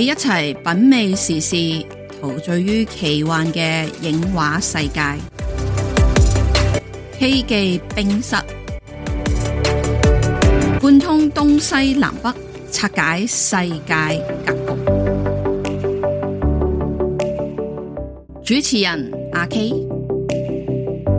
你一齊品味時事，陶醉於奇幻嘅影畫世界。K 記冰室，貫通東西南北，拆解世界格局。主持人阿 K，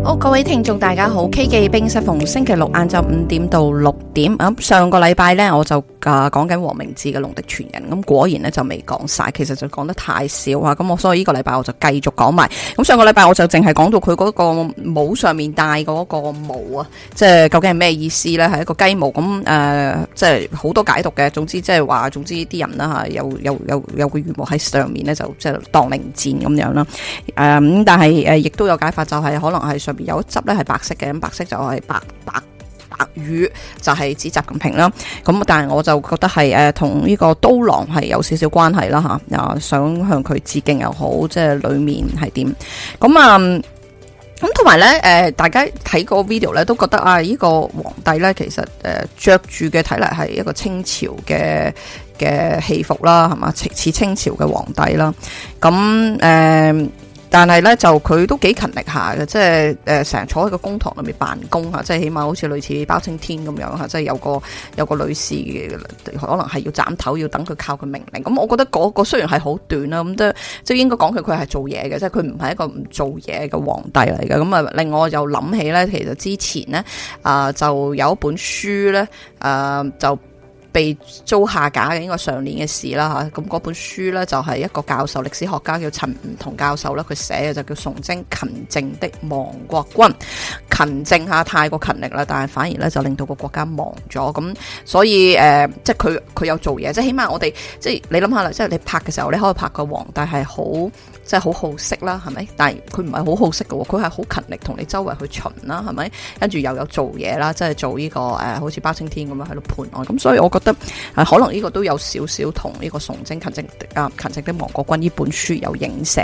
好，各位聽眾大家好。K 記冰室逢星期六晏晝五點到六點。咁上個禮拜呢，我就啊講緊黃明志嘅《龍的傳人》，咁果然呢，就未講晒，其實就講得太少啊！咁我所以呢個禮拜我就繼續講埋。咁上個禮拜我就淨係講到佢嗰個帽上面戴嗰個帽啊，即係究竟係咩意思呢？係一個雞毛咁誒，即係好多解讀嘅。總之即係話，總之啲人啦吓，有有有有個羽毛喺上面呢，就即係當令箭咁樣啦。誒、嗯、但係誒亦都有解法，就係可能係上面有一執呢係白色嘅，咁白色就係白白。白白羽就係、是、指習近平啦，咁但係我就覺得係誒同呢個刀郎係有少少關係啦吓，啊想向佢致敬又好，即係裏面係點咁啊。咁同埋咧誒，大家睇個 video 咧都覺得啊，呢個皇帝咧其實誒著住嘅睇嚟係一個清朝嘅嘅戲服啦，係嘛？似清朝嘅皇帝啦，咁、嗯、誒。但係咧，就佢都幾勤力下嘅，即係誒成日坐喺個公堂裏面辦公吓，即係起碼好似類似包青天咁樣吓，即係有個有個女士，嘅，可能係要斬頭，要等佢靠佢命令。咁、嗯、我覺得嗰個雖然係好短啦，咁都即係應該講佢佢係做嘢嘅，即係佢唔係一個唔做嘢嘅皇帝嚟嘅。咁、嗯、啊，令我又諗起咧，其實之前咧啊、呃，就有一本書咧啊、呃、就。被租下架嘅應該上年嘅事啦嚇，咁嗰本書呢，就係一個教授歷史學家叫陳梧桐教授咧，佢寫嘅就叫《崇禎勤政的亡國君》，勤政下太過勤力啦，但係反而呢，就令到個國家忙咗，咁所以誒、呃，即係佢佢有做嘢，即係起碼我哋即係你諗下啦，即係你，你拍嘅時候你可以拍個皇帝係好。即係好好色啦，係咪？但係佢唔係好好色嘅喎，佢係好勤力，同你周圍去巡啦，係咪？跟住又有做嘢啦，即係做呢、這個誒、呃，好似包青天咁樣喺度判案。咁所以我覺得誒、呃，可能呢個都有少少同呢個崇《崇禎勤政》啊，《勤政的亡國君》呢本書有影射。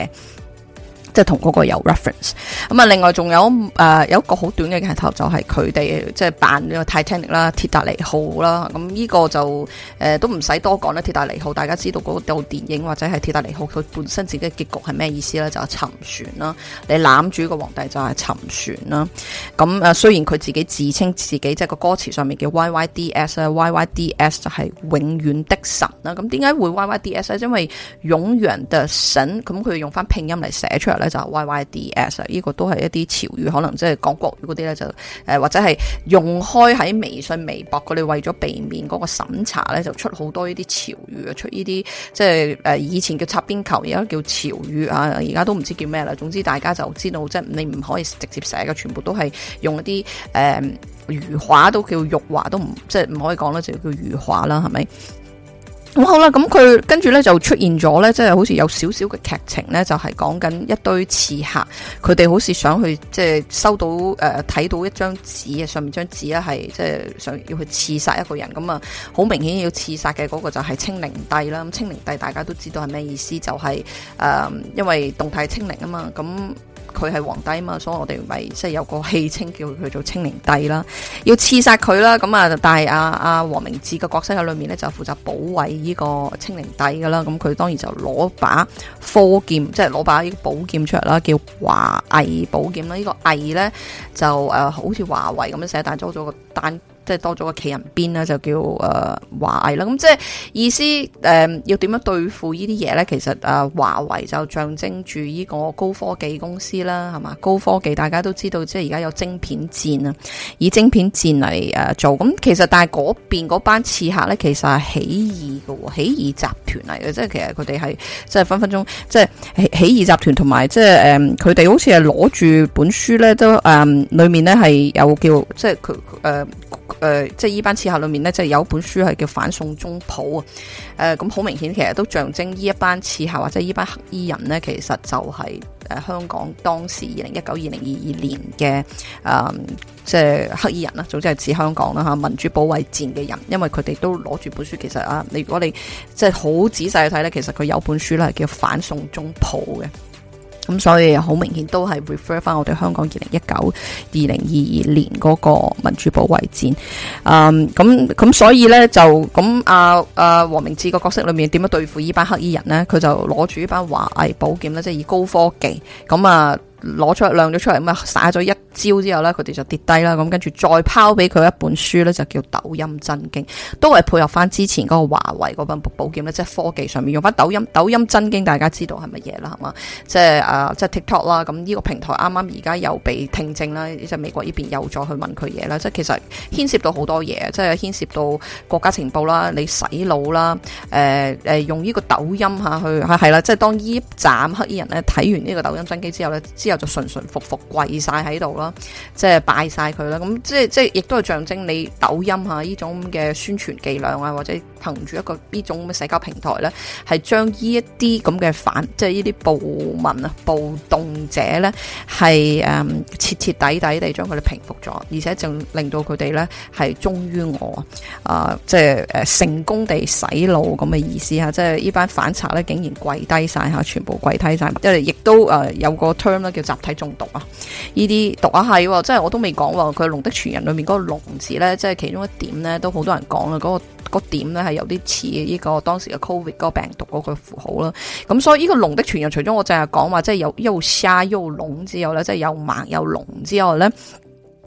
即係同個有 reference，咁啊，另外仲有誒、呃、有一個好短嘅鏡頭就係佢哋即係扮呢個 Titanic 啦，鐵達尼號啦。咁、嗯、呢、這個就誒、呃、都唔使多講啦，鐵達尼號大家知道嗰部電影或者係鐵達尼號佢本身自己嘅結局係咩意思咧？就係、是、沉船啦，你攬住個皇帝就係沉船啦。咁、嗯、誒雖然佢自己自稱自己即係、就是、個歌詞上面嘅 YYDS 啊 YYDS 就係永遠的神啦。咁點解會 YYDS 咧？因為永遠的神，咁佢用翻拼音嚟寫出嚟咧。就 Y Y D S 呢個都係一啲潮語，可能即係講國語嗰啲咧就誒、呃，或者係用開喺微信、微博嗰啲，為咗避免嗰個審查咧，就出好多呢啲潮語啊，出呢啲即係誒以前叫插邊球，而家叫潮語啊，而家都唔知叫咩啦。總之大家就知道，即係你唔可以直接寫嘅，全部都係用一啲誒，如畫都叫玉畫都唔即係唔可以講啦，就叫如畫啦，係咪？咁好啦，咁佢跟住咧就出現咗咧，即係好似有少少嘅劇情咧，就係講緊一堆刺客，佢哋好似想去即係、就是、收到睇、呃、到一張紙啊，上面張紙咧係即係想要去刺殺一個人，咁啊好明顯要刺殺嘅嗰個就係清零帝啦。咁清零帝大家都知道係咩意思，就係、是呃、因為動態清零啊嘛，咁。佢係皇帝啊嘛，所以我哋咪即係有個戲稱叫佢做清零帝啦，要刺殺佢啦，咁啊，但係阿阿黃明志個角色喺裏面咧就負責保衞呢個清零帝噶啦，咁佢當然就攞把劍，即係攞把呢個寶劍出嚟啦，叫華藝寶劍啦，呢、這個藝咧就誒好似華為咁樣寫，但係多咗個單。即係多咗個企人邊啦，就叫誒、呃、華裔啦。咁即係意思、呃、要點樣對付呢啲嘢咧？其實誒、呃，華為就象徵住呢個高科技公司啦，係嘛？高科技大家都知道，即係而家有晶片戰啊，以晶片戰嚟、啊、做咁、嗯。其實但係嗰邊嗰班刺客咧，其實係起義嘅喎，起義集團嚟嘅，即係其實佢哋係即係分分鐘即係起義集團同埋即係誒、佢哋好似係攞住本書咧，都誒、呃、裏面咧係有叫即係佢誒。呃誒、呃，即係呢班刺客裏面呢，即係有本書係叫《反送中普》。啊、呃。誒，咁好明顯，其實都象徵呢一班刺客或者呢班黑衣人呢，其實就係、是、誒、呃、香港當時二零一九、二零二二年嘅誒，即係黑衣人啦，總之係指香港啦吓民主保衛戰嘅人，因為佢哋都攞住本書。其實啊，你如果你即係好仔細去睇呢，其實佢有本書咧係叫《反送中普》嘅。咁、嗯、所以好明顯都係 refer 翻我哋香港二零一九、二零二二年嗰個民主保衛戰、um, 嗯嗯所以呢就，啊，咁咁所以咧就咁啊，誒黃明志個角色裏面點樣對付呢班黑衣人咧？佢就攞住呢班華藝寶劍咧，即、就、係、是、以高科技咁啊攞出嚟亮咗出嚟咁啊，灑咗一。招之後咧，佢哋就跌低啦。咁跟住再拋俾佢一本書咧，就叫《抖音真經》，都係配合翻之前嗰個華為嗰本寶劍咧，即係科技上面用翻抖音。抖音真經大家知道係乜嘢啦？係嘛，即係啊，即係 TikTok 啦。咁呢個平台啱啱而家又被聽證啦，即係美國呢邊又再去問佢嘢啦。即係其實牽涉到好多嘢，即係牽涉到國家情報啦，你洗腦啦，誒誒，用呢個抖音嚇去係啦，即係當呢一斬黑衣人咧睇完呢個抖音真經之後咧，之後就順順服服跪晒喺度啦。即係拜晒佢啦，咁即係即係，亦都係象徵你抖音啊呢種嘅宣傳伎倆啊，或者憑住一個呢種咁嘅社交平台咧，係將呢一啲咁嘅反，即係呢啲暴民啊、暴動者咧，係誒徹徹底底地將佢哋平復咗，而且仲令到佢哋咧係忠於我啊、呃，即係誒成功地洗腦咁嘅意思啊，即係呢班反賊咧竟然跪低晒吓，全部跪低晒，即係亦都誒有個 term 咧叫集體中毒啊，呢啲毒啊，係，即係我都未講喎。佢《龍的傳人》裏面嗰個龍字咧，即係其中一點咧，都好多人講啦。嗰、嗰個、嗰個點咧係有啲似呢個當時嘅 Covid 個病毒嗰個符號啦。咁所以呢個《龍的傳人》除咗我淨係講話，即係又又沙又龍之後咧，即係又盲又龍之外咧，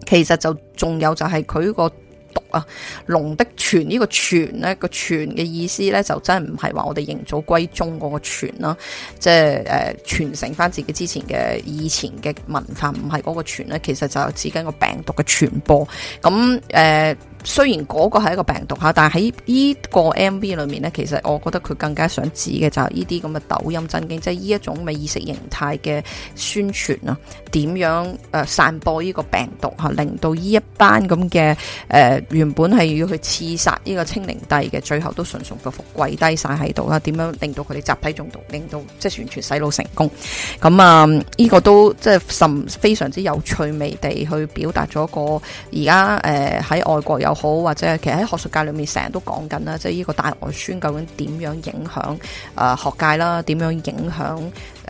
其實就仲有就係佢、這個。毒啊！龍的傳，呢個傳咧，個傳嘅意思咧就真係唔係話我哋認祖歸宗嗰個傳啦，即係誒傳承翻自己之前嘅以前嘅文化，唔係嗰個傳咧。其實就係指緊個病毒嘅傳播咁誒。雖然嗰個係一個病毒嚇，但係喺呢個 MV 裏面呢，其實我覺得佢更加想指嘅就係呢啲咁嘅抖音真經，即係呢一種嘅意識形態嘅宣傳啊，點樣誒散播呢個病毒嚇，令到呢一班咁嘅誒原本係要去刺殺呢個清零帝嘅，最後都順順服服跪低晒喺度啦，點樣令到佢哋集體中毒，令到即係、就是、完全洗腦成功。咁啊，呢、這個都即係甚非常之有趣味地去表達咗個而家誒喺外國有。又好，或者其實喺學術界裏面成日都講緊啦，即係呢個大外宣究竟點樣影響誒、呃、學界啦，點樣影響。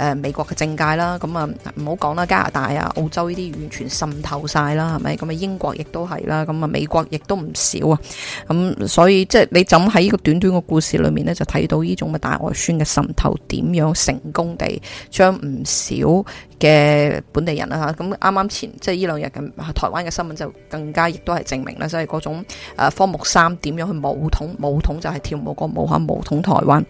誒、呃、美國嘅政界啦，咁啊唔好講啦，加拿大啊、澳洲呢啲完全滲透晒啦，係咪？咁啊英國亦都係啦，咁啊美國亦都唔少啊。咁所以即係、就是、你怎喺呢個短短嘅故事裏面呢，就睇到呢種嘅大外宣嘅滲透點樣成功地將唔少嘅本地人啦嚇。咁啱啱前即係呢兩日嘅台灣嘅新聞就更加亦都係證明啦，即係嗰種、啊、科目三點樣去舞統舞統就係跳舞個舞嚇舞統台灣。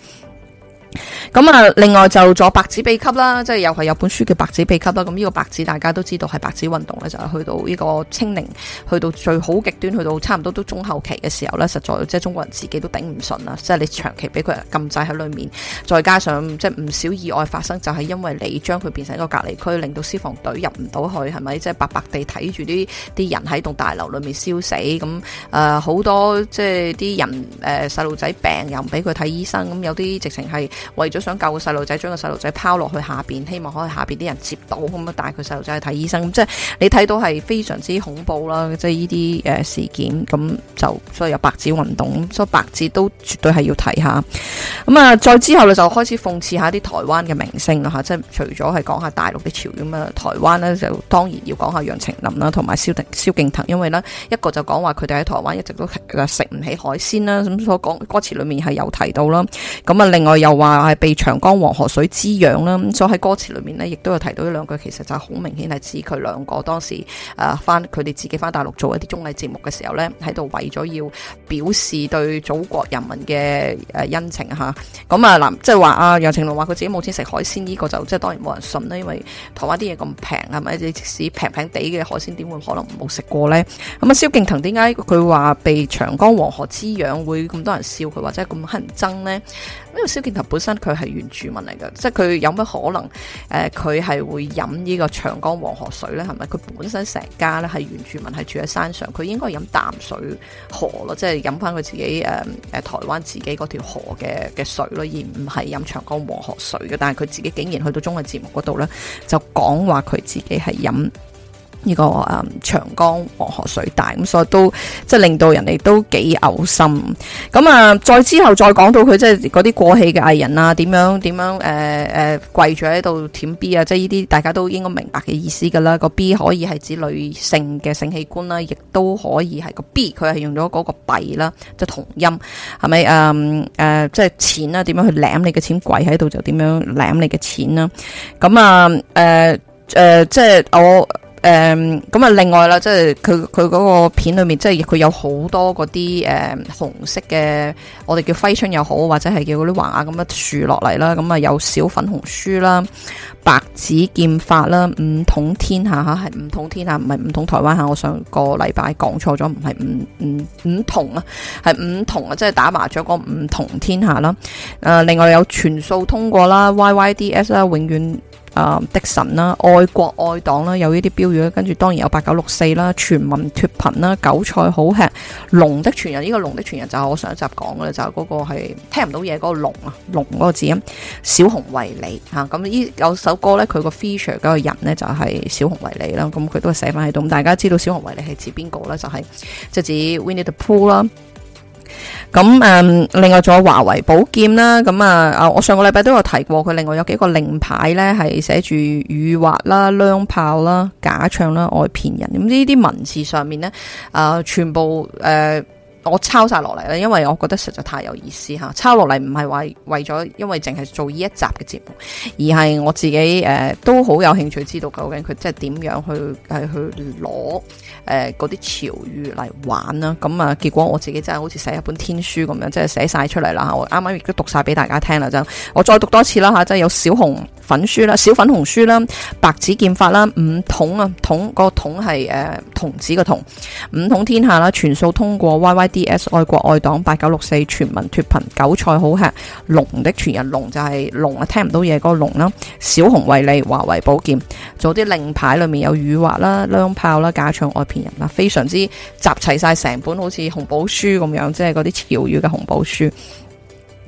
咁啊，另外就咗白紙秘笈啦，即係又係有本書叫《白紙秘笈》啦。咁呢個白紙大家都知道係白紙運動咧，就係、是、去到呢個清零，去到最好極端，去到差唔多都中後期嘅時候呢，實在即係中國人自己都頂唔順啦。即係你長期俾佢禁制喺裏面，再加上即係唔少意外發生，就係、是、因為你將佢變成一個隔離區，令到消防隊入唔到去，係咪？即係白白地睇住啲啲人喺棟大樓裏面燒死，咁誒好多即係啲人誒細路仔病又唔俾佢睇醫生，咁有啲直情係，為咗想救個細路仔，將個細路仔拋落去下邊，希望可以下邊啲人接到咁啊！帶佢細路仔去睇醫生，咁即係你睇到係非常之恐怖啦！即係呢啲誒事件，咁就所以有白紙運動，所以白紙都絕對係要睇下。咁啊，再之後咧就開始諷刺下啲台灣嘅明星啦吓，即係除咗係講下大陸嘅潮，咁啊，台灣呢就當然要講下楊丞琳啦，同埋蕭敬蕭敬騰，因為呢，一個就講話佢哋喺台灣一直都食唔起海鮮啦，咁所講歌詞裏面係有提到啦。咁啊，另外又話。係被長江黃河水滋養啦，咁所以喺歌詞裏面呢，亦都有提到一兩句，其實就好明顯係指佢兩個當時誒翻佢哋自己翻大陸做一啲綜藝節目嘅時候呢，喺度為咗要表示對祖國人民嘅誒、啊、恩情嚇。咁啊嗱，即係話啊楊丞琳話佢自己冇錢食海鮮，呢、呢個就即係當然冇人信啦，因為台灣啲嘢咁平，係咪即使平平地嘅海鮮，點會可能冇食過呢？咁啊蕭敬騰點解佢話被長江黃河滋養會咁多人笑佢，或者咁乞人憎呢？因為蕭敬騰本身佢係原住民嚟㗎，即係佢有乜可能？誒、呃，佢係會飲呢個長江黃河水呢？係咪？佢本身成家呢係原住民，係住喺山上，佢應該飲淡水河咯，即係飲返佢自己誒誒、呃、台灣自己嗰條河嘅嘅水咯，而唔係飲長江黃河水嘅。但係佢自己竟然去到綜藝節目嗰度呢，就講話佢自己係飲。呢、這個誒、嗯、長江黃河水大咁，所以都即係令到人哋都幾嘔心咁啊。再之後再講到佢即係嗰啲過氣嘅藝人啊，點樣點樣誒誒、呃呃、跪咗喺度舔 B 啊，即係呢啲大家都應該明白嘅意思噶啦。個 B 可以係指女性嘅性器官啦，亦都可以係個 B 佢係用咗嗰個幣啦，即同音係咪誒誒即係錢啦？點樣去舔你嘅錢跪喺度就點樣舔你嘅錢啦？咁啊誒即係我。誒咁啊！另外啦，即係佢佢嗰個片裏面，即係佢有好多嗰啲誒紅色嘅，我哋叫揮春又好，或者係叫嗰啲橫啊咁嘅豎落嚟啦。咁、嗯、啊，有小粉紅書啦，白紙劍法啦，五統天下嚇，係五統天下，唔係五統台灣嚇。我上個禮拜講錯咗，唔係五五五統啊，係五統啊，即、就、係、是、打麻雀嗰五筒天下啦。誒、嗯，另外有全數通過啦，Y Y D S 啦，永遠。啊！迪神啦，愛國愛黨啦，有呢啲標語啦，跟住當然有八九六四啦，全民脫貧啦，韭菜好吃，龍的傳人呢、這個龍的傳人就係我上一集講嘅啦，就係、是、嗰個係聽唔到嘢嗰個龍啊，龍嗰個字音，小熊維尼。吓，咁呢有首歌咧，佢個 feature 嗰個人咧就係、是、小熊維尼啦，咁佢都係寫翻喺度，咁大家知道小熊維尼係指邊個咧？就係、是、即指 Winnie the Pooh 啦。咁誒、嗯，另外仲有華為寶劍啦，咁啊啊，我上個禮拜都有提過，佢另外有幾個令牌咧，係寫住乳滑啦、娘炮啦、假唱啦、外騙人，咁呢啲文字上面咧，啊，全部誒。呃我抄晒落嚟啦，因為我覺得實在太有意思吓，抄落嚟唔係話為咗，為了因為淨係做呢一集嘅節目，而係我自己誒、呃、都好有興趣知道究竟佢即係點樣去係去攞誒嗰啲潮語嚟玩啦。咁啊，結果我自己真係好似寫一本天書咁樣，即係寫晒出嚟啦。我啱啱亦都讀晒俾大家聽啦，就我再讀多次啦吓、啊，即係有小紅粉書啦，小粉紅書啦，白紙劍法啦，五桶啊桶，個桶係誒童子嘅童，五桶天下啦，全數通過 Y Y。D.S 愛國愛黨八九六四全民脱貧韭菜好吃龍的傳人龍就係龍啊聽唔到嘢嗰個龍啦小紅為你華為寶劍做啲令牌裏面有乳滑啦槍炮啦假唱外騙人嗱非常之集齊晒成本好似紅寶書咁樣即係嗰啲潮語嘅紅寶書。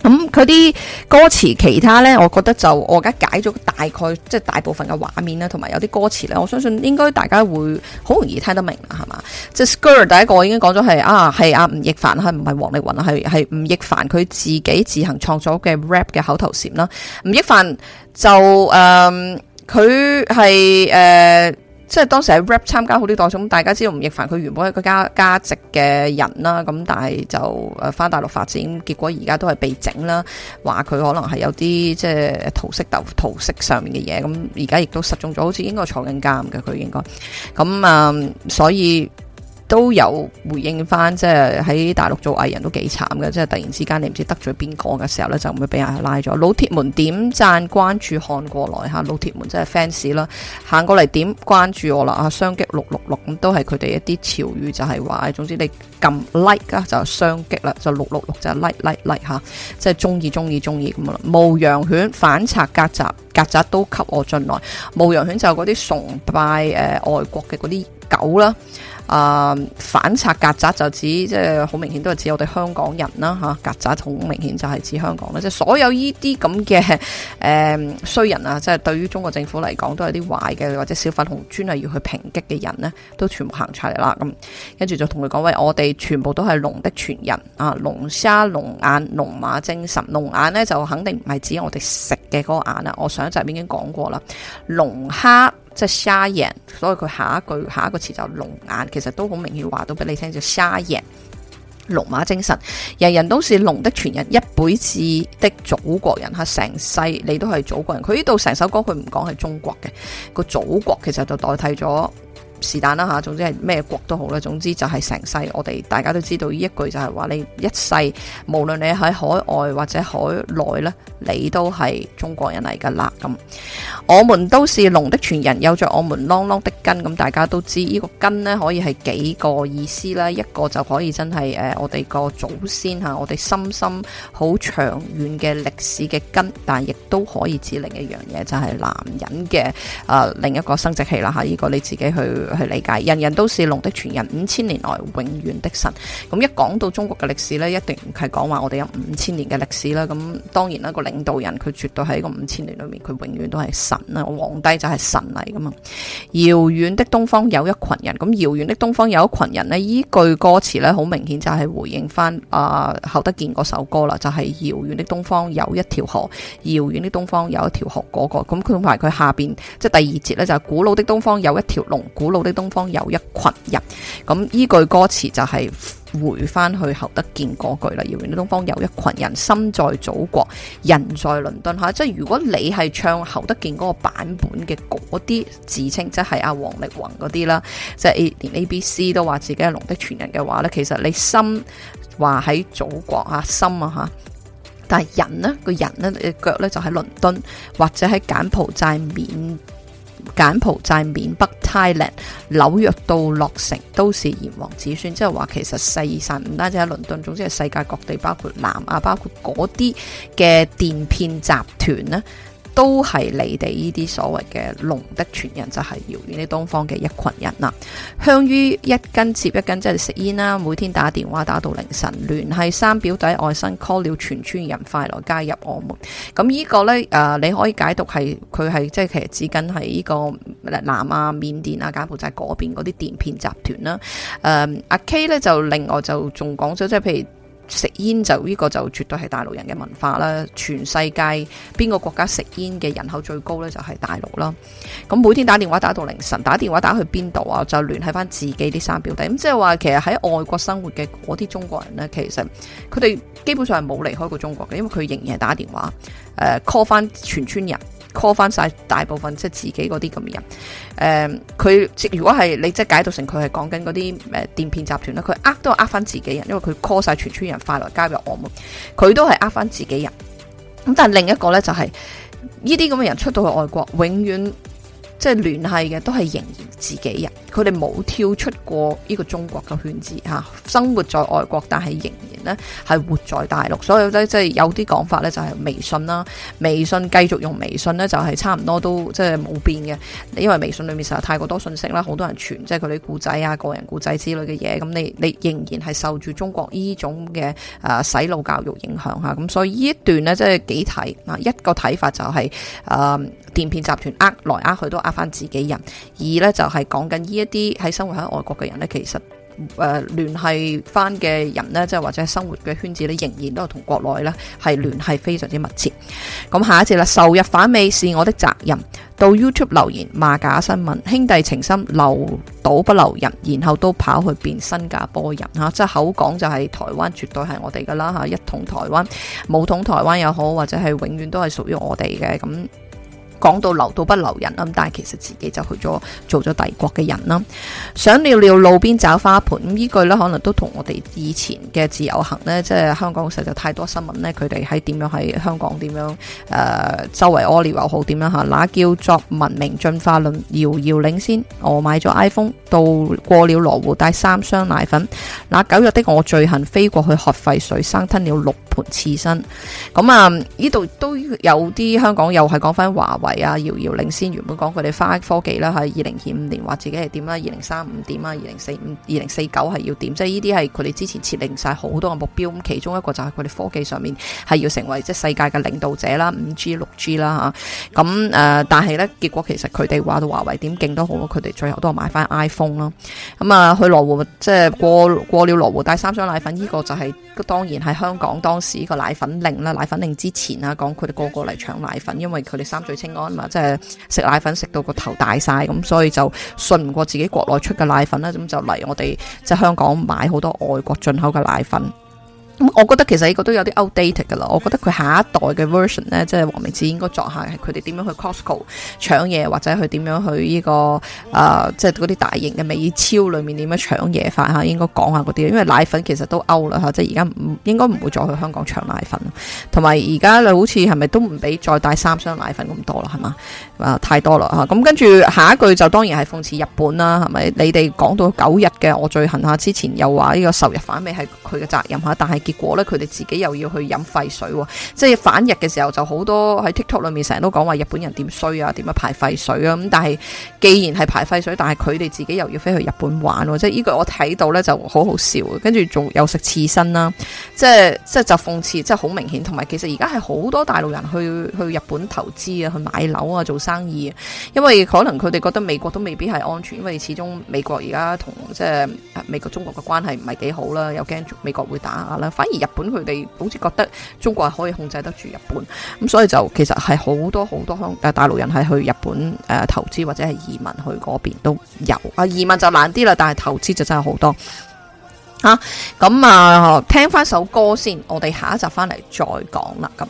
咁佢啲歌詞其他呢，我覺得就我而家解咗大概即係、就是、大部分嘅畫面啦，同埋有啲歌詞呢，我相信應該大家會好容易聽得明啦，係嘛？即、就、係、是、Skirt 第一個，我已經講咗係啊，係啊吳亦凡係唔係王力宏係係吳亦凡佢自己自行創作嘅 rap 嘅口頭禪啦。吳亦凡就誒，佢係誒。即係當時喺 rap 參加好啲代種，大家知道吳亦凡佢原本係佢家家籍嘅人啦，咁但係就誒返大陸發展，結果而家都係被整啦，話佢可能係有啲即係桃色豆桃色上面嘅嘢，咁而家亦都失蹤咗，好似應該坐緊監嘅佢應該，咁啊所以。都有回應翻，即係喺大陸做藝人都幾慘嘅，即係突然之間你唔知得罪邊個嘅時候呢，就唔會俾人拉咗。老鐵們點讚關注看過來吓，老鐵們即係 fans 啦，行過嚟點關注我啦啊！雙擊六六六咁，都係佢哋一啲潮語，就係話，總之你撳 like 㗎，就雙擊啦，就六六六，就 like like like 吓，即係中意、中意、中意咁啦。牧羊犬反賊曱甴，曱甴都吸我進來。牧羊犬就嗰啲崇拜誒外國嘅嗰啲狗啦。啊！Uh, 反賊曱甴就指，即係好明顯都係指我哋香港人啦嚇，曱甴好明顯就係指香港啦，即係所有呢啲咁嘅誒衰人啊，即係對於中國政府嚟講都有啲壞嘅，或者小粉紅專係要去抨擊嘅人呢，都全部行出嚟啦咁，跟住就同佢講，喂，我哋全部都係龍的傳人啊！龍蝦、龍眼、龍馬精神、龍眼呢，就肯定唔係指我哋食嘅嗰個眼啊。我上一集已經講過啦，龍蝦即係蝦人，所以佢下一句下一個詞就龍眼其實都好明顯話到俾你聽，就係沙爺龍馬精神，人人都是龍的傳人，一輩子的祖國人。吓，成世你都係祖國人。佢呢度成首歌佢唔講係中國嘅個祖國，其實就代替咗是但啦吓。總之係咩國都好啦，總之就係成世我哋大家都知道呢一句就係話你一世，無論你喺海外或者海內咧你都係中國人嚟噶啦，咁我們都是龍的傳人，有着我們啷啷的根。咁大家都知呢、這個根呢可以係幾個意思啦，一個就可以真係誒、呃，我哋個祖先吓，我哋深深好長遠嘅歷史嘅根，但亦都可以指另一樣嘢，就係、是、男人嘅、呃、另一個生殖器啦。吓，呢個你自己去去理解。人人都是龍的傳人，五千年來永遠的神。咁一講到中國嘅歷史呢，一定係講話我哋有五千年嘅歷史啦。咁當然啦，個歷領導人佢絕對喺一個五千年裏面佢永遠都係神啊！皇帝就係神嚟噶嘛。遙遠的東方有一群人，咁遙遠的東方有一群人呢，依句歌詞呢，好明顯就係回應翻阿侯德健嗰首歌啦，就係、是、遙遠的東方有一條河，遙遠的東方有一條河嗰、那個，咁佢同埋佢下邊即係第二節呢，就係古老的東方有一條龍，古老的東方有一群人，咁依句歌詞就係、是。回翻去侯德健嗰句啦，遙遠東方有一群人心在祖國，人在倫敦嚇。即係如果你係唱侯德健嗰個版本嘅嗰啲自稱，即係阿王力宏嗰啲啦，即係連 A B C 都話自己係龍的傳人嘅話呢，其實你心話喺祖國，嚇，心啊嚇，但係人呢，個人呢，嘅腳呢就喺倫敦或者喺柬埔寨面。柬埔寨、緬北、Thailand、紐約到洛城，都是炎黃子孫，即係話其實世神唔單止喺倫敦，總之係世界各地，包括南亞，包括嗰啲嘅電騙集團咧。都係你哋呢啲所謂嘅龍的傳人，就係、是、遙遠啲東方嘅一群人啦。香菸一根接一根，即係食煙啦，每天打電話打到凌晨，聯繫三表弟外甥 call 了全村人，快來加入我們。咁呢個呢、呃，你可以解讀係佢係即係其實指緊喺呢個南亞緬甸啊、柬埔寨嗰邊嗰啲電騙集團啦。誒、呃、阿 K 呢，就另外就仲講咗即係譬如。食煙就呢個就絕對係大陸人嘅文化啦！全世界邊個國家食煙嘅人口最高呢？就係大陸啦！咁每天打電話打到凌晨，打電話打去邊度啊？就聯繫翻自己啲三表弟。咁即係話其實喺外國生活嘅嗰啲中國人呢，其實佢哋基本上係冇離開過中國嘅，因為佢仍然係打電話，誒 call 翻全村人。call 翻晒大部分即係自己嗰啲咁嘅人，誒、呃、佢即如果係你即係解讀成佢係講緊嗰啲誒電騙集團啦，佢呃都係呃翻自己人，因為佢 call 晒全村人快來加入我們，佢都係呃翻自己人。咁但係另一個咧就係呢啲咁嘅人出到去外國，永遠。即係聯繫嘅，都係仍然自己人。佢哋冇跳出過呢個中國嘅圈子，啊、生活在外國，但係仍然呢係活在大陸。所以咧，即係有啲講法呢，就係微信啦，微信繼續用微信呢，就係差唔多都即係冇變嘅。因為微信裏面實在太過多信息啦，好多人傳即係佢哋故仔啊，個人故仔之類嘅嘢。咁你你仍然係受住中國呢種嘅，啊、洗腦教育影響嚇。咁、啊、所以呢一段呢，即係幾睇啊一個睇法就係啊電片集團呃來呃去都呃翻，自己人，二呢，就係講緊呢一啲喺生活喺外國嘅人呢，其實誒、呃、聯繫翻嘅人呢，即係或者生活嘅圈子呢，仍然都係同國內呢係聯繫非常之密切。咁、嗯、下一次啦，仇日反美是我的責任。到 YouTube 留言罵假新聞，兄弟情深留島不留人，然後都跑去變新加坡人吓，即係口講就係、是、台灣絕對係我哋㗎啦吓，一統台灣、武統台灣又好，或者係永遠都係屬於我哋嘅咁。嗯講到留到不留人，咁但係其實自己就去咗做咗帝國嘅人啦。想尿尿路邊找花盆，呢句咧可能都同我哋以前嘅自由行，呢即係香港實在太多新聞，呢佢哋喺點樣喺香港點、呃、樣誒周圍屙尿又好點樣吓。那叫做文明進化論遙遙領先。我買咗 iPhone，到過了羅湖帶三箱奶粉。那九日的我最恨飛過去喝廢水，生吞了六盤刺身。咁啊，呢度都有啲香港又係講翻華為。係啊，遙遙領先。原本講佢哋花科技啦，喺二零二五年話自己係點啦，二零三五點啊，二零四五、二零四九係要點，即係呢啲係佢哋之前設定晒好多嘅目標。咁其中一個就係佢哋科技上面係要成為即係世界嘅領導者啦，五 G, G、啊、六 G 啦吓。咁誒，但係呢結果其實佢哋話到華為點勁都好咯，佢哋最後都係買翻 iPhone 啦。咁啊，去羅湖即係、就是、過過了羅湖，帶三箱奶粉，呢、這個就係、是。咁當然係香港當時個奶粉令啦，奶粉令之前啊，講佢哋個個嚟搶奶粉，因為佢哋三聚氰胺嘛，即係食奶粉食到個頭大晒，咁所以就信唔過自己國內出嘅奶粉啦，咁就嚟我哋即係香港買好多外國進口嘅奶粉。咁我覺得其實呢個都有啲 outdated 㗎啦，我覺得佢下一代嘅 version 呢，即係黃明志應該作下佢哋點樣去 Costco 搶嘢，或者佢點樣去呢、呢個啊，即係嗰啲大型嘅美超裡面點樣搶嘢法。嚇，應該講下嗰啲，因為奶粉其實都 out 啦嚇，即係而家唔應該唔會再去香港搶奶粉，同埋而家好似係咪都唔俾再帶三箱奶粉咁多啦，係嘛？啊，太多啦嚇！咁跟住下一句就當然係諷刺日本啦，係咪？你哋講到九日嘅，我最恨。下之前又話呢個仇日反美係佢嘅責任嚇，但係結果呢，佢哋自己又要去飲廢水喎！即係反日嘅時候就好多喺 TikTok 裏面成日都講話日本人點衰啊，點樣排廢水啊咁，但係既然係排廢水，但係佢哋自己又要飛去日本玩，即係呢句我睇到呢就好好笑。跟住仲又食刺身啦，即係即係就諷刺，即係好明顯。同埋其實而家係好多大陸人去去日本投資啊，去買樓啊做。生意，因為可能佢哋覺得美國都未必係安全，因為始終美國而家同即係美國中國嘅關係唔係幾好啦，又驚美國會打壓啦，反而日本佢哋好似覺得中國係可以控制得住日本，咁所以就其實係好多好多，但係大陸人係去日本誒、呃、投資或者係移民去嗰邊都有，啊移民就難啲啦，但係投資就真係好多，吓咁啊，咁啊聽翻首歌先，我哋下一集翻嚟再講啦咁。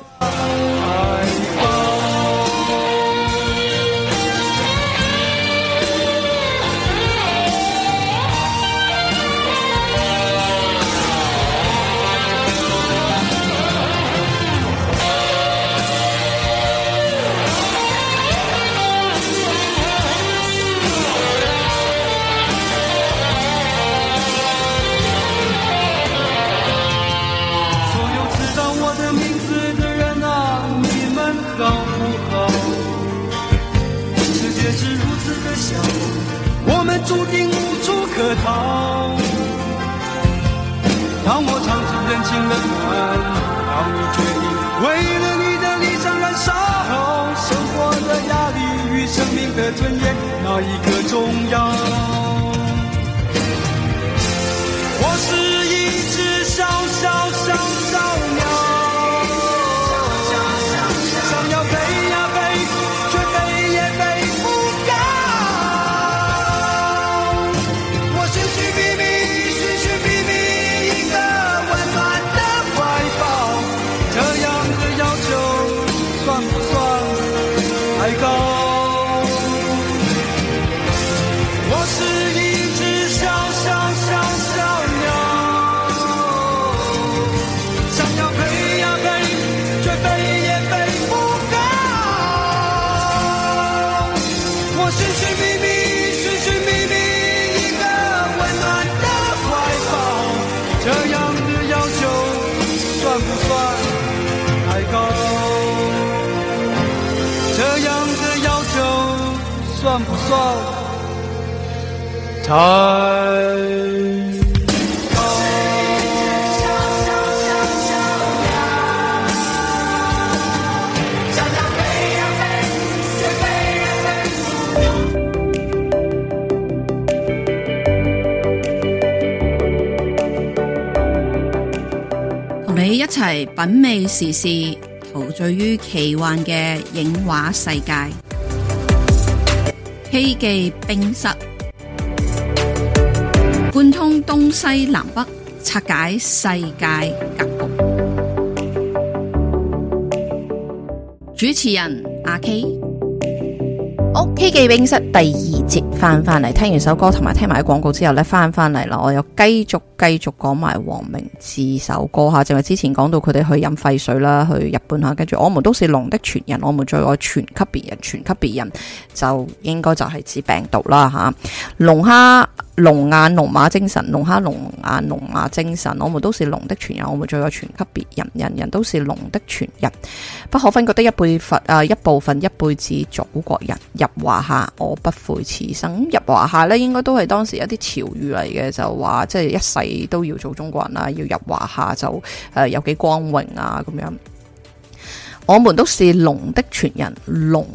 心的暖。同你一齊品味時事，陶醉於奇幻嘅影畫世界。K 記冰室，貫通東西南北，拆解世界格局。主持人阿 K，K 記冰室第二節返返嚟，聽完首歌同埋聽埋啲廣告之後呢，返返嚟啦，我又繼續。繼續講埋黃明志首歌吓，就係之前講到佢哋去飲廢水啦，去日本吓，跟住我們都是龍的傳人，我們最愛傳給別人，傳給別人就應該就係指病毒啦吓。龍蝦、龍眼、龍馬精神，龍蝦、龍眼、龍馬精神，我們都是龍的傳人，我們最愛傳給別人，人人都是龍的傳人，不可分割的一輩份啊，一部分一輩子祖國人入華夏，我不悔此生。入華夏呢，應該都係當時一啲潮語嚟嘅，就話即係一世。都要做中國人啦，要入華夏就誒有幾光榮啊！咁樣，我哋都是龍的傳人，龍。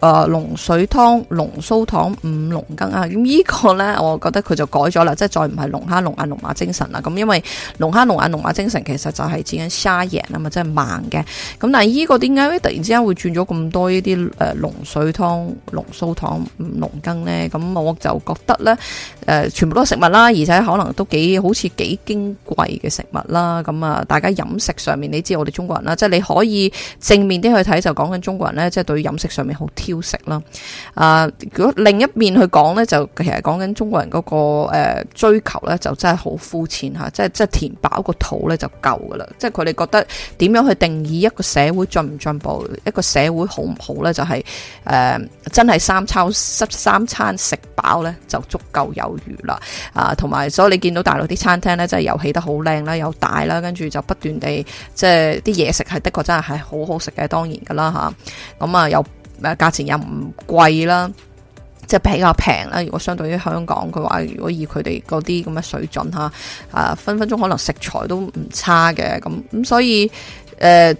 誒、呃、龍水湯、龍鬚糖、五龍羹啊！咁呢個呢，我覺得佢就改咗啦，即係再唔係龍蝦、龍眼、龍馬精神啦。咁因為龍蝦、龍眼、龍馬精神其實就係指緊沙嘢啊嘛，即係盲嘅。咁但係呢個點解突然之間會轉咗咁多呢啲誒龍水湯、龍鬚糖、五龍羹呢？咁我就覺得呢，誒、呃、全部都係食物啦，而且可能都幾好似幾矜貴嘅食物啦。咁啊，大家飲食上面，你知我哋中國人啦，即係你可以正面啲去睇，就講緊中國人呢，即係對飲食上面好飢食啦，啊！如、呃、果另一面去講呢，就其實講緊中國人嗰、那個誒、呃、追求呢，就真係好膚淺吓，即係即係填飽個肚呢，就夠噶啦，即係佢哋覺得點樣去定義一個社會進唔進步，一個社會好唔好呢？就係、是、誒、呃、真係三餐三餐食飽呢，就足夠有餘啦、呃，啊，同埋所以你見到大陸啲餐廳呢，真係又起得好靚啦，又大啦，跟住就不斷地即係啲嘢食係的確真係係好好食嘅，當然噶啦吓，咁啊有。咩價錢又唔貴啦，即係比較平啦，如果相對於香港，佢話如果以佢哋嗰啲咁嘅水準吓，啊、呃、分分鐘可能食材都唔差嘅，咁咁所以誒。呃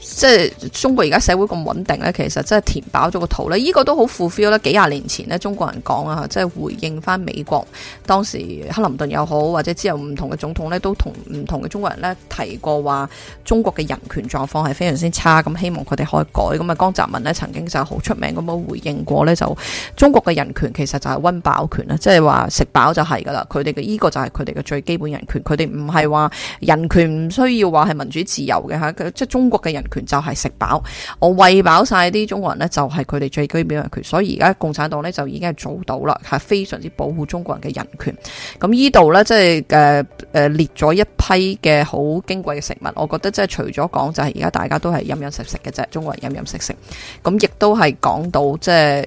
即係中國而家社會咁穩定呢，其實真係填飽咗個肚呢，呢個都好富 feel 咧。幾廿年前呢，中國人講啊，即係回應翻美國當時克林頓又好，或者之後唔同嘅總統呢，都同唔同嘅中國人呢提過話，中國嘅人權狀況係非常之差。咁希望佢哋可以改。咁啊，江澤民呢曾經就好出名咁樣回應過呢，就中國嘅人權其實就係溫飽權啦，即係話食飽就係噶啦。佢哋嘅呢個就係佢哋嘅最基本人權。佢哋唔係話人權唔需要話係民主自由嘅嚇。即係中國嘅人。權就係食飽，我喂飽晒啲中國人呢就係佢哋最基本嘅權，所以而家共產黨呢，就已經係做到啦，係非常之保護中國人嘅人權。咁呢度呢，即係誒誒列咗一批嘅好矜貴嘅食物，我覺得即係除咗講就係而家大家都係飲飲食食嘅啫，中國人飲飲食食。咁亦都係講到即係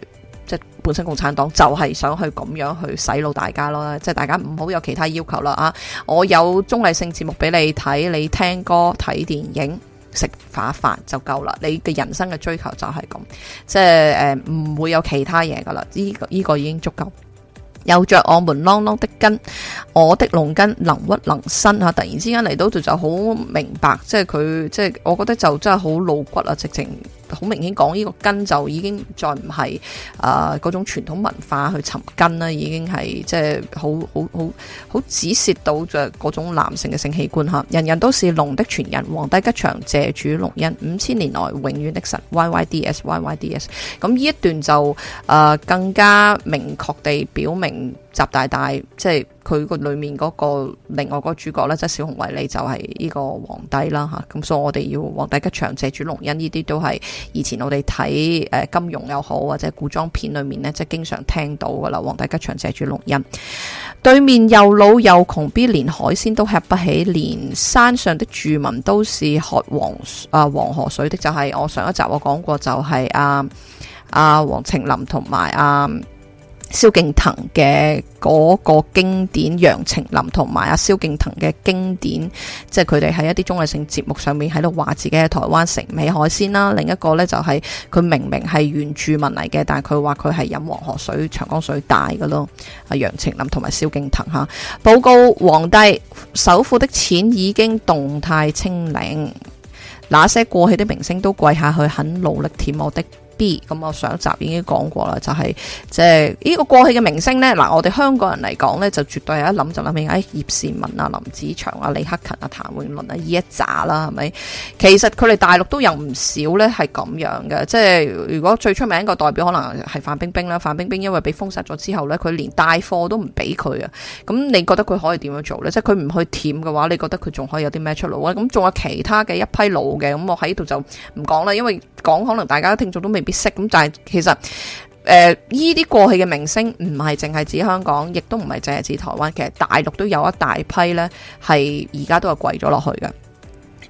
即本身共產黨就係想去咁樣去洗腦大家咯，即係大家唔好有其他要求啦啊！我有綜藝性節目俾你睇，你聽歌睇電影。食化飯就夠啦，你嘅人生嘅追求就係咁，即係誒唔會有其他嘢噶啦，呢、呢個依、呢個已經足夠了。有着我們啷啷的根，我的龍根能屈能伸啊！突然之間嚟到度就好明白，即係佢，即係我覺得就真係好露骨啊，直情。好明顯講呢個根就已經再唔係誒嗰種傳統文化去尋根啦，已經係即係好好好好指涉到就嗰種男性嘅性器官吓，人人都是龍的傳人，皇帝吉祥謝主龍恩，五千年來永遠的神 Y Y D S Y Y D S，咁呢一段就誒、呃、更加明確地表明習大大即係。就是佢個裏面嗰個另外嗰主角呢，即係小熊維尼就係呢個皇帝啦吓。咁所以，我哋要皇帝吉祥謝主隆恩，呢啲都係以前我哋睇誒金庸又好，或者古裝片裏面呢，即係經常聽到噶啦。皇帝吉祥謝主隆恩，對面又老又窮，逼連海鮮都吃不起，連山上的住民都是喝黃啊黃河水的，就係我上一集我講過，就係阿阿王晴林同埋阿。啊蕭敬騰嘅嗰個經典，楊丞琳同埋阿蕭敬騰嘅經典，即係佢哋喺一啲綜藝性節目上面喺度話自己喺台灣食唔起海鮮啦。另一個呢，就係佢明明係原住民嚟嘅，但係佢話佢係飲黃河水、長江水大噶咯。阿楊丞琳同埋蕭敬騰吓，報告皇帝首富的錢已經動態清零，那些過氣的明星都跪下去，很努力舔我的。咁我上一集已經講過啦，就係即係呢個過氣嘅明星呢。嗱，我哋香港人嚟講呢，就絕對係一諗就諗起，哎，葉倩文啊、林子祥啊、李克勤啊、譚詠麟啊呢一紮啦，係咪？其實佢哋大陸都有唔少呢係咁樣嘅。即係如果最出名一個代表，可能係范冰冰啦。范冰冰因為俾封殺咗之後呢，佢連帶貨都唔俾佢啊。咁你覺得佢可以點樣做呢？即係佢唔去舔嘅話，你覺得佢仲可以有啲咩出路啊？咁仲有其他嘅一批老嘅，咁我喺度就唔講啦，因為。講可能大家聽眾都未必識，咁但係其實，誒、呃，依啲過去嘅明星唔係淨係指香港，亦都唔係淨係指台灣，其實大陸都有一大批呢，係而家都係跪咗落去嘅。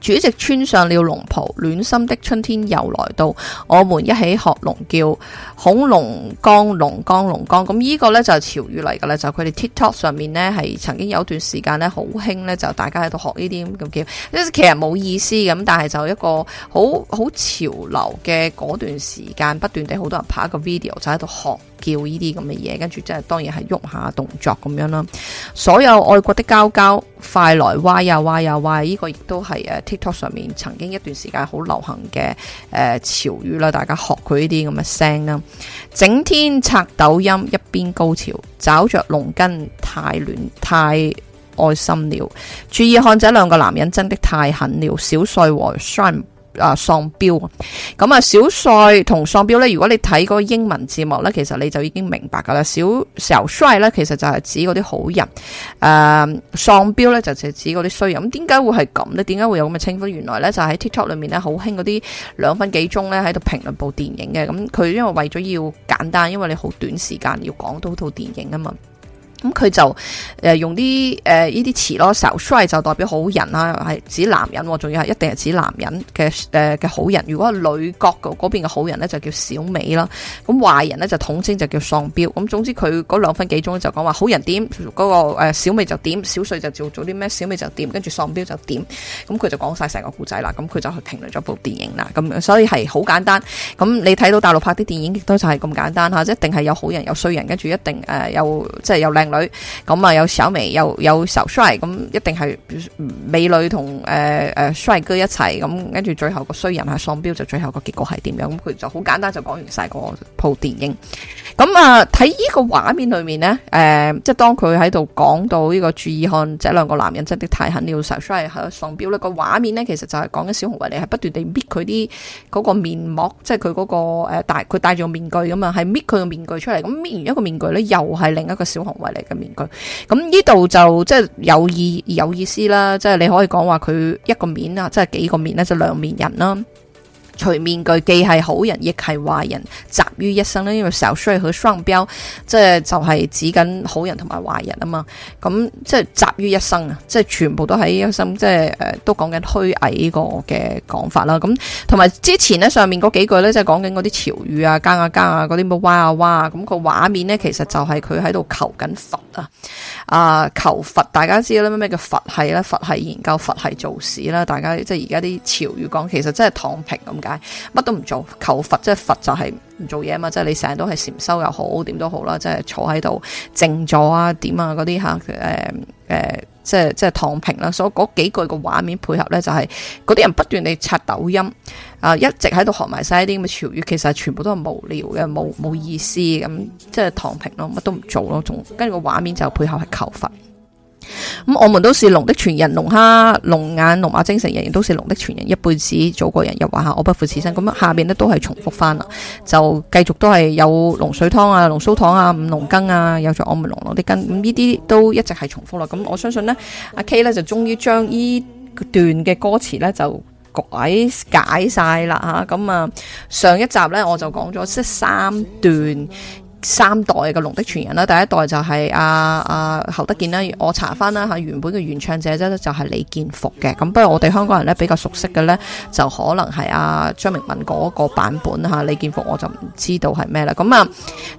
主席穿上了龍袍，暖心的春天又來到，我們一起學龍叫，恐龍江龍江龍江，咁呢個呢，就係潮語嚟㗎咧，就佢哋 TikTok 上面呢，係曾經有段時間呢，好興呢，就大家喺度學呢啲咁叫，其實冇意思咁，但係就一個好好潮流嘅嗰段時間，不斷地好多人拍一個 video 就喺度學。叫呢啲咁嘅嘢，跟住真係當然係喐下動作咁樣啦。所有愛國的交交，快來歪呀歪呀歪！呢、這個亦都係 TikTok 上面曾經一段時間好流行嘅誒、呃、潮語啦。大家學佢呢啲咁嘅聲啦。整天刷抖音一邊高潮，找着龍根太亂太愛心了。注意看這兩個男人真的太狠了，小帥和帥。啊喪彪，咁啊小帥同喪彪咧，如果你睇嗰個英文字幕咧，其實你就已經明白噶啦。小小帥咧，其實就係指嗰啲好人，誒、呃、喪彪咧就就係、指嗰啲衰人。咁點解會係咁咧？點解會有咁嘅稱呼？原來咧就喺、是、TikTok 裏面咧好興嗰啲兩分幾鐘咧喺度評論部電影嘅。咁佢因為為咗要簡單，因為你好短時間要講到套電影啊嘛。咁佢就、呃、用啲誒呢啲詞咯，小帥就代表好人啦，係指男人喎，仲要係一定係指男人嘅嘅、呃、好人。如果係女角嘅嗰邊嘅好人咧，就叫小美啦。咁壞人咧就統稱就叫喪彪。咁總之佢嗰兩分幾鐘就講話好人點嗰、那個、呃、小美就點，小帥就做做啲咩，小美就點，跟住喪彪就點，咁佢就講晒成個故仔啦。咁佢就去評論咗部電影啦。咁所以係好簡單，咁你睇到大陸拍啲電影亦都就係咁簡單吓、啊，即一定係有好人有衰人，跟住一定誒、呃、有即係有靚。女咁啊，有小美又有仇帥咁，一定係美女同誒誒帥哥一齊咁，跟、嗯、住最後個衰人係喪彪，就最後個結果係點樣？咁、嗯、佢就好簡單就講完晒個部電影。咁、嗯、啊，睇、嗯、呢個畫面裏面咧，誒、呃，即係當佢喺度講到呢個注意看，這、就是、兩個男人真的太狠了，仇帥係喪彪咧。彪彪那個畫面咧，其實就係講緊小紅為你係不斷地搣佢啲嗰個面膜，即係佢嗰個誒戴佢戴住個面具咁啊，係搣佢個面具出嚟，咁搣完一個面具咧，又係另一個小紅為你嘅面具咁呢度就即係有意有意思啦，即係你可以講話佢一個面啊，即係幾個面咧，就兩面人啦。除面具既係好人，亦係壞人，集於一身咧。因為少需要佢雙標，即係就係、是、指緊好人同埋壞人啊嘛。咁即係集於一身啊，即、就、係、是、全部都喺一心，即係誒，都講緊虛偽個嘅講法啦。咁同埋之前咧，上面嗰幾句咧，即係講緊嗰啲潮語啊，加啊加啊，嗰啲乜哇啊哇啊，咁個畫面咧，其實就係佢喺度求緊佛啊。啊！求佛，大家知啦咩咩叫佛系咧？佛系研究，佛系做事啦。大家即係而家啲潮語講，其實真係躺平咁解，乜都唔做。求佛即係佛就係唔做嘢嘛，即係你成日都係禪修又好，點都好啦，即係坐喺度靜坐啊，點啊嗰啲吓誒誒，即係即係躺平啦。所以嗰幾句嘅畫面配合咧，就係嗰啲人不斷地刷抖音。啊！一直喺度學埋晒啲咁嘅潮語，其實全部都係無聊嘅，冇冇意思咁，即係躺平咯，乜都唔做咯，仲跟住個畫面就配合係求佛。咁我們都是龍的傳人，龍蝦、龍眼、龍馬精神人，仍然都是龍的傳人，一輩子做過人又，又話下我不負此生。咁下面呢都係重複翻啦，就繼續都係有龍水湯啊、龍鬚糖啊、五龍羹啊，有咗我們龍龍的羹。咁呢啲都一直係重複啦。咁我相信呢，阿 K 呢就終於將呢段嘅歌詞呢就。解解晒啦吓，咁啊上一集呢，我就講咗即三段三代嘅《龍的傳人》啦，第一代就係、是、啊啊侯德健啦。我查翻啦、啊、原本嘅原唱者呢，就係李建復嘅。咁不如我哋香港人呢，比較熟悉嘅呢，就可能係阿、啊、張明敏嗰個版本、啊、李建復我就唔知道係咩啦。咁啊誒、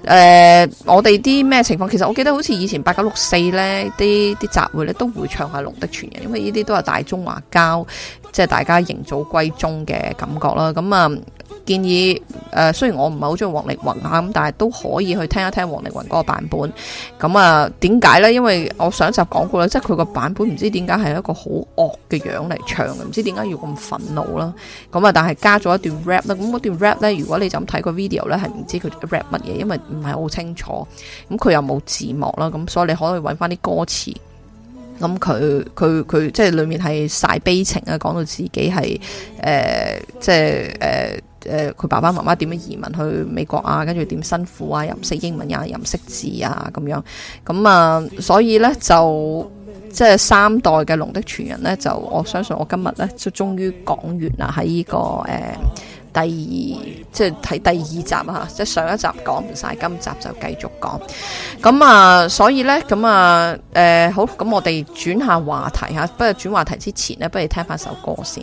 呃，我哋啲咩情況？其實我記得好似以前八九六四呢啲啲集會呢，都會唱下《龍的傳人》，因為呢啲都係大中華膠。即係大家認祖歸宗嘅感覺啦，咁啊建議誒、呃，雖然我唔係好中意王力宏啊，咁但係都可以去聽一聽王力宏嗰個版本。咁啊點解呢？因為我上集講過啦，即係佢個版本唔知點解係一個好惡嘅樣嚟唱，唔知點解要咁憤怒啦。咁啊，但係加咗一段 rap 啦。咁嗰段 rap 呢，如果你就咁睇個 video 呢，係唔知佢 rap 乜嘢，因為唔係好清楚。咁佢又冇字幕啦，咁所以你可以揾翻啲歌詞。咁佢佢佢即係裏面係晒悲情啊，講到自己係誒，即係誒誒，佢、就是呃呃，爸爸媽媽點樣移民去美國啊，跟住點辛苦啊，又唔識英文又、啊、唔識字啊，咁樣咁啊，所以咧就即係、就是、三代嘅龍的傳人咧，就我相信我今日咧就終於講完啦、這個，喺呢個誒。第二即係睇第二集啊！即係上一集講唔晒，今集就繼續講。咁啊，所以咧，咁啊，誒好，咁我哋轉下話題吓。不過轉話題之前咧，不如聽返首歌先。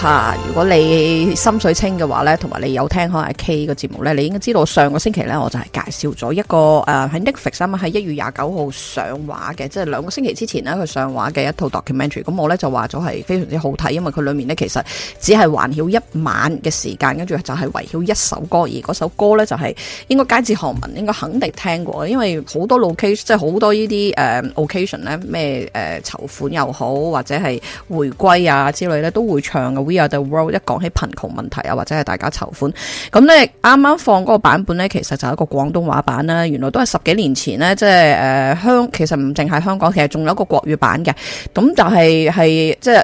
吓、啊，如果你心水清嘅話咧，同埋你有聽開阿 K 嘅節目咧，你應該知道上個星期咧，我就係介紹咗一個誒喺、呃、Netflix 啊，喺一月廿九號上畫嘅，即係兩個星期之前咧佢上畫嘅一套 documentary。咁我咧就話咗係非常之好睇，因為佢裏面咧其實只係環繞一晚嘅時間，跟住就係圍繞一首歌而嗰首歌咧就係、是、應該街知巷聞，應該肯定聽過，因為好多 location 即係好多、呃、呢啲誒 occasion 咧咩誒籌款又好，或者係回歸啊之類咧都會唱嘅。world，一講起貧窮問題啊，或者係大家籌款，咁咧啱啱放嗰個版本咧，其實就係一個廣東話版啦。原來都係十幾年前咧，即係誒香，其實唔淨係香港，其實仲有一個國語版嘅。咁就係、即係。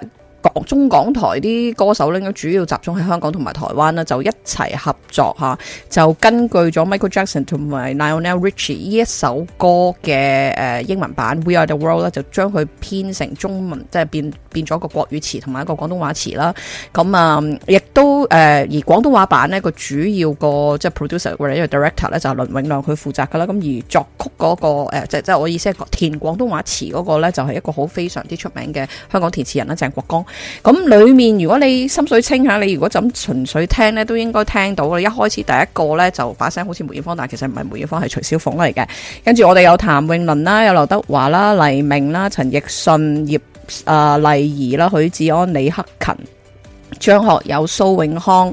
中港台啲歌手咧，主要集中喺香港同埋台灣啦，就一齊合作嚇，就根據咗 Michael Jackson 同埋 Lionel Richie 呢一首歌嘅英文版《We Are The World》咧，就將佢編成中文，即係變變咗個國語詞同埋一個廣東話詞啦。咁、嗯、啊，亦都誒而廣東話版呢個主要個即係、就是、producer 或者 director 咧就係倫永亮佢負責噶啦。咁而作曲嗰、那個即即係我意思係填廣東話詞嗰個咧，就係一個好非常之出名嘅香港填詞人啦，鄭國江。咁裏面如果你心水清吓，你如果咁純粹聽呢，都應該聽到。你一開始第一個呢，就把聲好似梅艷芳，但係其實唔係梅艷芳，係徐小鳳嚟嘅。跟住我哋有譚詠麟啦，有劉德華啦，黎明啦，陳奕迅、葉啊麗儀啦，許志安、李克勤、張學友、蘇永康、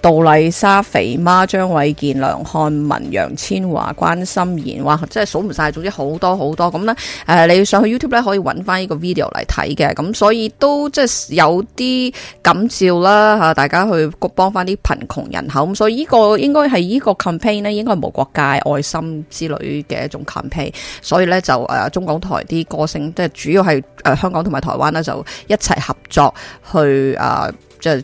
杜麗莎、肥媽、張衛健、梁漢文、楊千嬅、關心妍，哇！即係數唔晒，總之好多好多咁咧。誒、呃，你上去 YouTube 咧可以搵翻呢個 video 嚟睇嘅，咁所以都即係有啲感召啦吓，大家去幫翻啲貧窮人口。咁所，所以呢個應該係呢個 campaign 呢，應該係無國界愛心之類嘅一種 campaign。所以咧就誒，中港台啲歌星，即係主要係誒、呃、香港同埋台灣咧，就一齊合作去誒。呃就誒，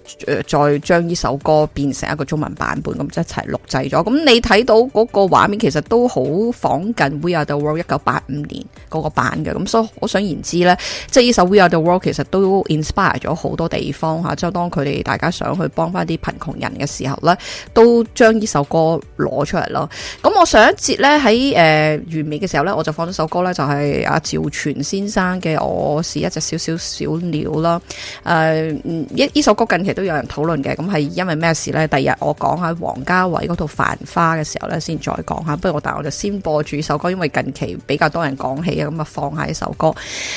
再將呢首歌變成一個中文版本，咁一齊錄製咗。咁你睇到個畫面其實都好仿近《We Are The World》一九八五年嗰個版嘅。咁所以我想言之咧，即係呢首《We Are The World》其實都 inspire 咗好多地方吓，相、啊、當佢哋大家想去幫翻啲貧窮人嘅時候咧，都將呢首歌攞出嚟咯。咁我上一節咧喺誒完美嘅時候咧，我就放咗首歌咧，就係阿趙傳先生嘅《我是一隻小小小小鳥》啦。誒一呢首歌。近期都有人討論嘅，咁係因為咩事呢？第日我講下王家衛嗰套《繁花》嘅時候呢，先再講下。不如我但我就先播住首歌，因為近期比較多人講起啊，咁啊放下一首歌。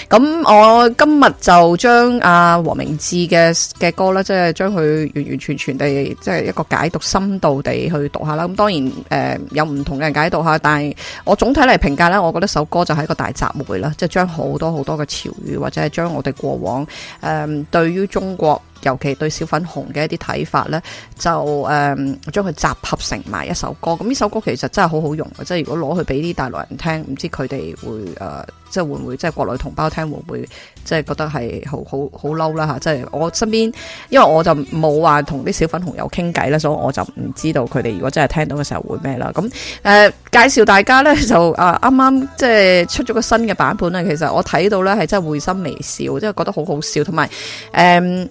咁我今日就將阿黃明志嘅嘅歌呢，即係將佢完完全全地，即係一個解讀深度地去讀下啦。咁當然誒、呃，有唔同嘅人解讀下。但係我總體嚟，評價呢，我覺得首歌就係一個大雜燴，啦，即係將好多好多嘅潮語或者係將我哋過往誒、呃、對於中國。尤其對小粉紅嘅一啲睇法呢，就誒、嗯、將佢集合成埋一首歌。咁呢首歌其實真係好好用，即係如果攞去俾啲大陸人聽，唔知佢哋會誒、呃，即係會唔會即係國內同胞聽會唔會即係覺得係好好好嬲啦嚇？即係我身邊，因為我就冇話同啲小粉紅有傾偈啦，所以我就唔知道佢哋如果真係聽到嘅時候會咩啦。咁誒、呃、介紹大家呢，就啊啱啱即係出咗個新嘅版本啊，其實我睇到呢係真係會心微笑，即係覺得好好笑，同埋誒。嗯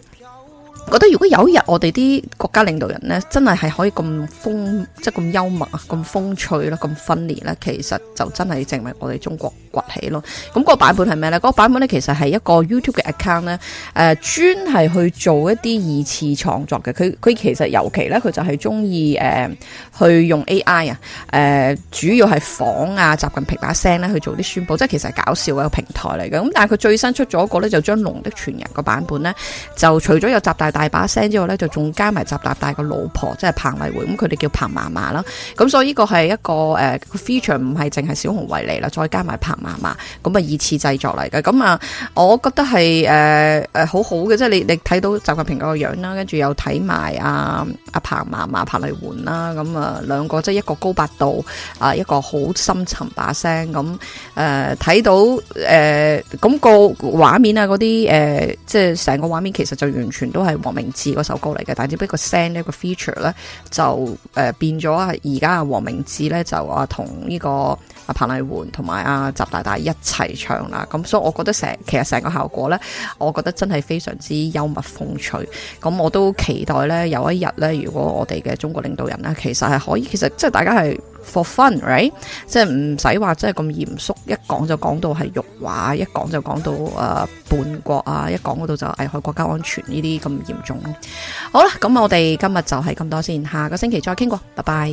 覺得如果有一日我哋啲國家領導人呢，真係係可以咁風，即係咁幽默、咁風趣啦、咁 funny 咧，其實就真係證明我哋中國崛起咯。咁、個版本係咩呢？個、嗰個版本呢，其實係一個 YouTube 嘅 account 呢，誒專係去做一啲二次創作嘅。佢佢其實尤其呢，佢就係中意誒去用 AI 啊、呃，主要係仿啊，習近平把聲呢去做啲宣佈，即係其實係搞笑嘅一個平台嚟嘅。咁但係佢最新出咗一個呢，就將《龍的傳人》個版本呢，就除咗有習大。大把聲之後咧，就仲加埋習大大個老婆，即係彭麗媛，咁佢哋叫彭嫲嫲啦。咁所以呢個係一個誒、呃、feature，唔係淨係小紅衞嚟啦，再加埋彭嫲嫲，咁啊二次製作嚟嘅。咁啊，我覺得係、呃、好好嘅，即係你你睇到習近平個樣啦，跟住又睇埋阿阿彭嫲嫲彭麗媛啦，咁啊兩個即係一個高八度，啊一個好深沉把聲，咁睇、呃、到咁、呃咁個畫面啊嗰啲即係成個畫面其實就完全都係。黃明志嗰首歌嚟嘅，但只不過聲咧個 feature 咧就誒變咗而家啊黃明志咧就啊同呢個啊彭麗媛同埋阿習大大一齊唱啦，咁所以我覺得成其實成個效果咧，我覺得真係非常之幽默風趣，咁我都期待咧有一日咧，如果我哋嘅中國領導人咧，其實係可以，其實即係大家係。for fun，right？即係唔使話，真係咁嚴肅，一講就講到係辱華，一講就講到誒叛國啊，一講嗰度就危害國家安全呢啲咁嚴重咯。好啦，咁我哋今日就係咁多先，下個星期再傾過，拜拜。